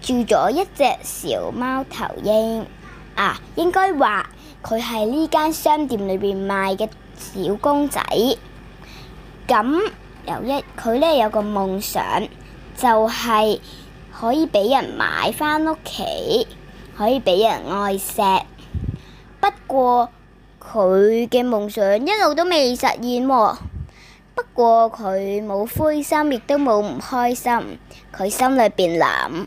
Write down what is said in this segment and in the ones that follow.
住咗一隻小貓頭鷹啊，應該話佢係呢間商店裏邊賣嘅小公仔。咁有一佢咧有個夢想，就係可以畀人買返屋企，可以畀人愛錫。不過佢嘅夢想一路都未實現喎。不過佢冇灰心，亦都冇唔開心。佢心裏邊諗。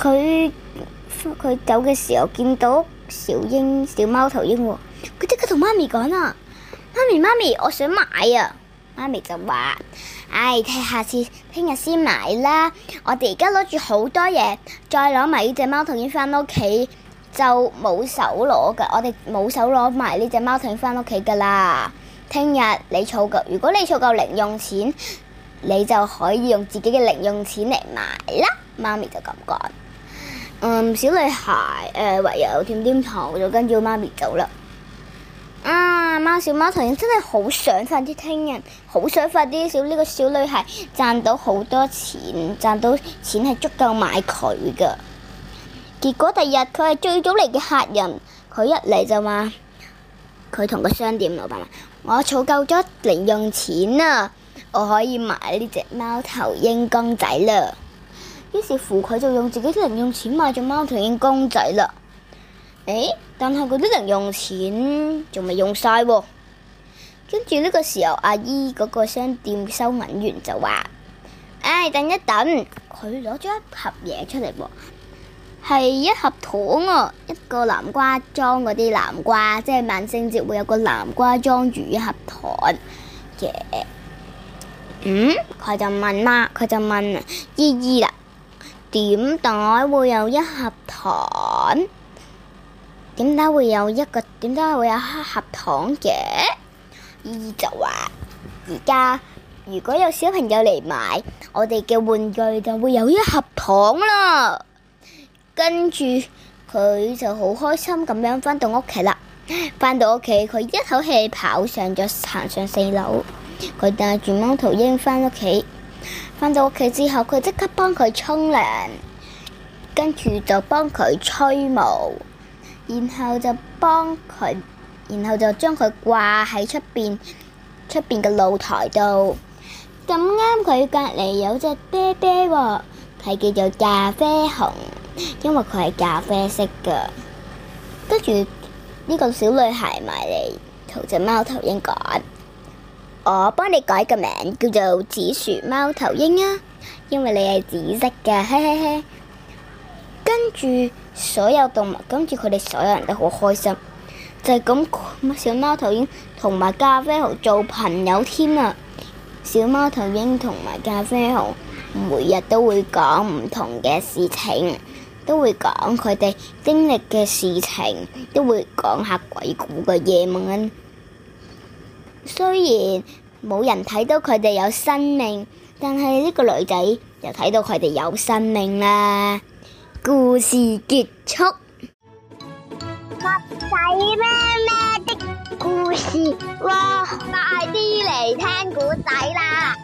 佢佢走嘅時候見到小鷹小貓頭鷹喎，佢即刻同媽咪講啊，媽咪媽咪，我想買啊！媽咪就話：，唉、哎，睇下次聽日先買啦。我哋而家攞住好多嘢，再攞埋呢隻貓頭鷹翻屋企就冇手攞噶，我哋冇手攞埋呢隻貓頭鷹翻屋企噶啦。聽日你儲夠，如果你儲夠零用錢，你就可以用自己嘅零用錢嚟買啦。媽咪就咁講。嗯，小女孩，誒、呃，唯有點點頭就跟住媽咪走啦。啊，貓小貓頭鷹真係好想快啲聽人，好想快啲小呢、呢個小女孩賺到好多錢，賺到錢係足夠買佢噶結果第二日佢係最早嚟嘅客人，佢一嚟就話，佢同個商店老闆話，我儲夠咗零用錢啊，我可以買呢隻貓頭鷹公仔啦。於是乎，佢就用自己啲零用錢買咗貓頭鷹公仔啦。誒、哎，但係嗰啲零用錢仲未用晒喎、啊。跟住呢個時候，阿姨嗰個商店收銀員就話：唉、哎，等一等，佢攞咗一盒嘢出嚟喎，係一盒糖哦、啊，一個南瓜裝嗰啲南瓜，即係萬聖節會有個南瓜裝住一盒糖嘅。Yeah. 嗯，佢就問啦，佢就問姨姨啦。依依點解會有一盒糖？點解會有一個？點解會有一盒糖嘅？姨就話，而家如果有小朋友嚟買，我哋嘅玩具就會有一盒糖啦。跟住佢就好開心咁樣返到屋企啦。返到屋企，佢一口氣跑上咗行上四樓，佢帶住貓頭鷹返屋企。翻到屋企之後，佢即刻幫佢沖涼，跟住就幫佢吹毛，然後就幫佢，然後就將佢掛喺出邊出邊嘅露台度。咁啱佢隔籬有隻啤啤喎，係叫做咖啡紅，因為佢係咖啡色噶。跟住呢個小女孩埋嚟同隻貓頭鷹講。我幫你改個名叫做紫薯貓頭鷹啊，因為你係紫色嘅，嘿嘿嘿。跟住所有動物，跟住佢哋所有人都好開心，就係咁。小貓頭鷹同埋咖啡熊做朋友添啊！小貓頭鷹同埋咖啡熊每日都會講唔同嘅事情，都會講佢哋經歷嘅事情，都會講下鬼故嘅夜晚。雖然，冇人睇到佢哋有生命，但係呢個女仔又睇到佢哋有生命啦。故事結束。襪仔咩咩的故事？哇！快啲嚟聽故仔啦！